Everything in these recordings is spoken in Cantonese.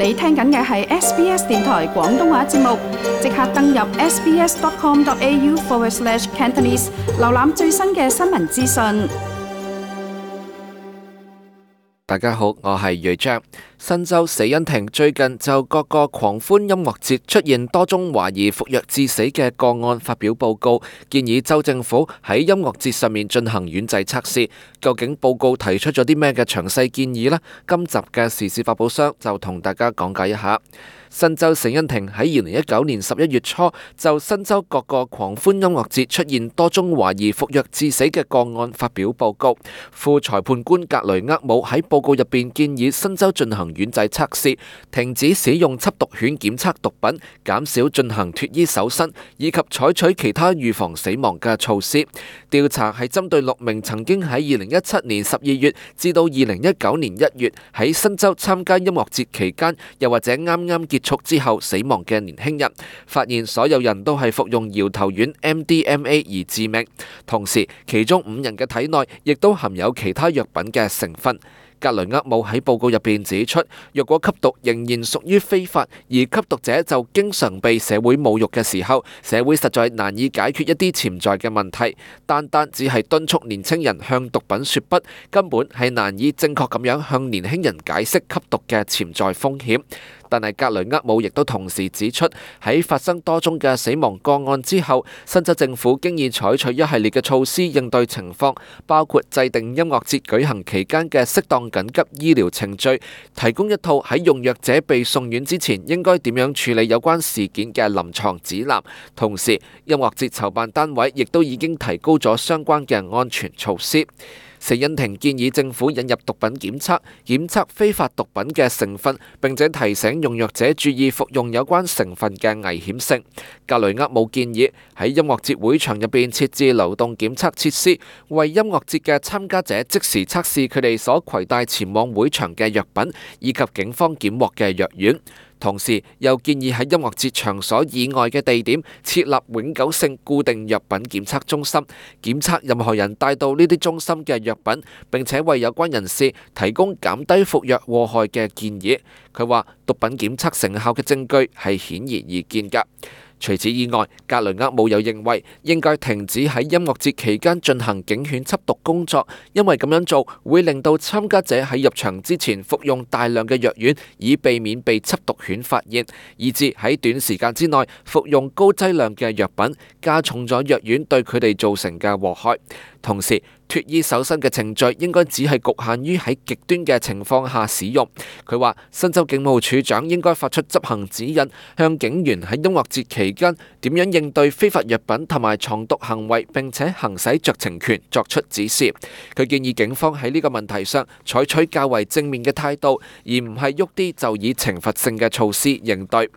你聽緊嘅係 SBS 電台廣東話節目，即刻登入 sbs.com.au/cantonese 瀏覽最新嘅新聞資訊。大家好，我係睿章。新州死因庭最近就各個狂歡音樂節出現多宗懷疑服藥致死嘅個案發表報告，建議州政府喺音樂節上面進行丸仔測試。究竟報告提出咗啲咩嘅詳細建議呢？今集嘅時事百寶箱就同大家講解一下。新州死因庭喺二零一九年十一月初就新州各個狂歡音樂節出現多宗懷疑服藥致死嘅個案發表報告，副裁判官格雷厄姆喺報告入邊建議新州進行。丸仔測試，停止使用緝毒犬檢測毒品，減少進行脱衣搜身以及採取其他預防死亡嘅措施。調查係針對六名曾經喺二零一七年十二月至到二零一九年一月喺新州參加音樂節期間，又或者啱啱結束之後死亡嘅年輕人，發現所有人都係服用搖頭丸 （MDMA） 而致命，同時其中五人嘅體內亦都含有其他藥品嘅成分。格雷厄姆喺報告入邊指出，若果吸毒仍然屬於非法，而吸毒者就經常被社會侮辱嘅時候，社會實在難以解決一啲潛在嘅問題。單單只係敦促年輕人向毒品說不，根本係難以正確咁樣向年輕人解釋吸毒嘅潛在風險。但係格雷厄姆亦都同時指出，喺發生多宗嘅死亡個案之後，新州政府經已採取一系列嘅措施應對情況，包括制定音樂節舉行期間嘅適當緊急醫療程序，提供一套喺用藥者被送院之前應該點樣處理有關事件嘅臨床指南，同時音樂節籌辦單位亦都已經提高咗相關嘅安全措施。石恩婷建議政府引入毒品檢測，檢測非法毒品嘅成分，並且提醒用藥者注意服用有關成分嘅危險性。格雷厄姆建議喺音樂節會場入邊設置流動檢測設施，為音樂節嘅參加者即時測試佢哋所攜帶前往會場嘅藥品，以及警方檢獲嘅藥丸。同時，又建議喺音樂節場所以外嘅地點設立永久性固定藥品檢測中心，檢測任何人帶到呢啲中心嘅藥品，並且為有關人士提供減低服藥禍害嘅建議。佢話：毒品檢測成效嘅證據係顯而易見㗎。除此以外，格雷厄姆又認為應該停止喺音樂節期間進行警犬緝毒工作，因為咁樣做會令到參加者喺入場之前服用大量嘅藥丸，以避免被緝毒犬發現，以致喺短時間之內服用高劑量嘅藥品，加重咗藥丸對佢哋造成嘅禍害。同時，脫衣搜身嘅程序應該只係局限於喺極端嘅情況下使用。佢話：新州警務處長應該發出執行指引，向警員喺音樂節期間點樣應對非法藥品同埋藏毒行為，並且行使酌情權作出指示。佢建議警方喺呢個問題上採取較為正面嘅態度，而唔係喐啲就以懲罰性嘅措施應對。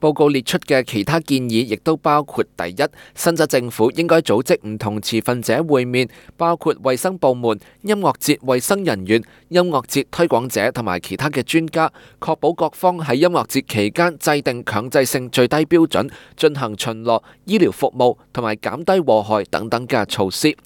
報告列出嘅其他建議，亦都包括第一，新州政府應該組織唔同持份者會面，包括衛生部門、音樂節衛生人員、音樂節推廣者同埋其他嘅專家，確保各方喺音樂節期間制定強制性最低標準，進行巡邏、醫療服務同埋減低禍害等等嘅措施。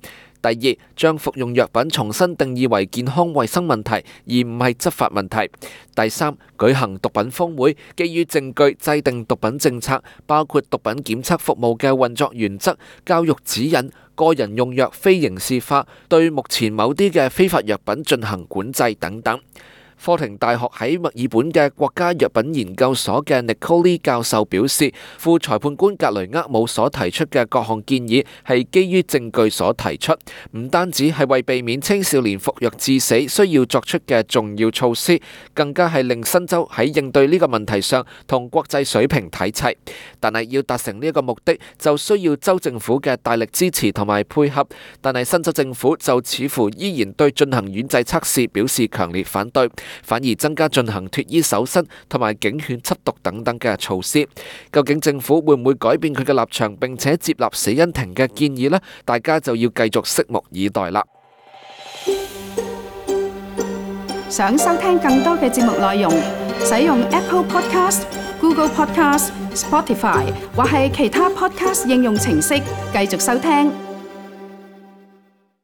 第二，將服用藥品重新定義為健康衛生問題，而唔係執法問題。第三，舉行毒品峰會，基於證據制定毒品政策，包括毒品檢測服務嘅運作原則、教育指引、個人用藥非刑事化、對目前某啲嘅非法藥品進行管制等等。科廷大學喺墨爾本嘅國家藥品研究所嘅 Nicoli 教授表示，副裁判官格雷厄姆所提出嘅各項建議係基於證據所提出，唔單止係為避免青少年服藥致死需要作出嘅重要措施，更加係令新州喺應對呢個問題上同國際水平睇齊。但係要達成呢一個目的，就需要州政府嘅大力支持同埋配合。但係新州政府就似乎依然對進行丸仔測試表示強烈反對。反而增加進行脫衣搜身同埋警犬緝毒等等嘅措施，究竟政府會唔會改變佢嘅立場並且接納死因庭嘅建議呢？大家就要繼續拭目以待啦。想收聽更多嘅節目內容，使用 Apple Podcast、Google Podcast、Spotify 或係其他 Podcast 應用程式繼續收聽。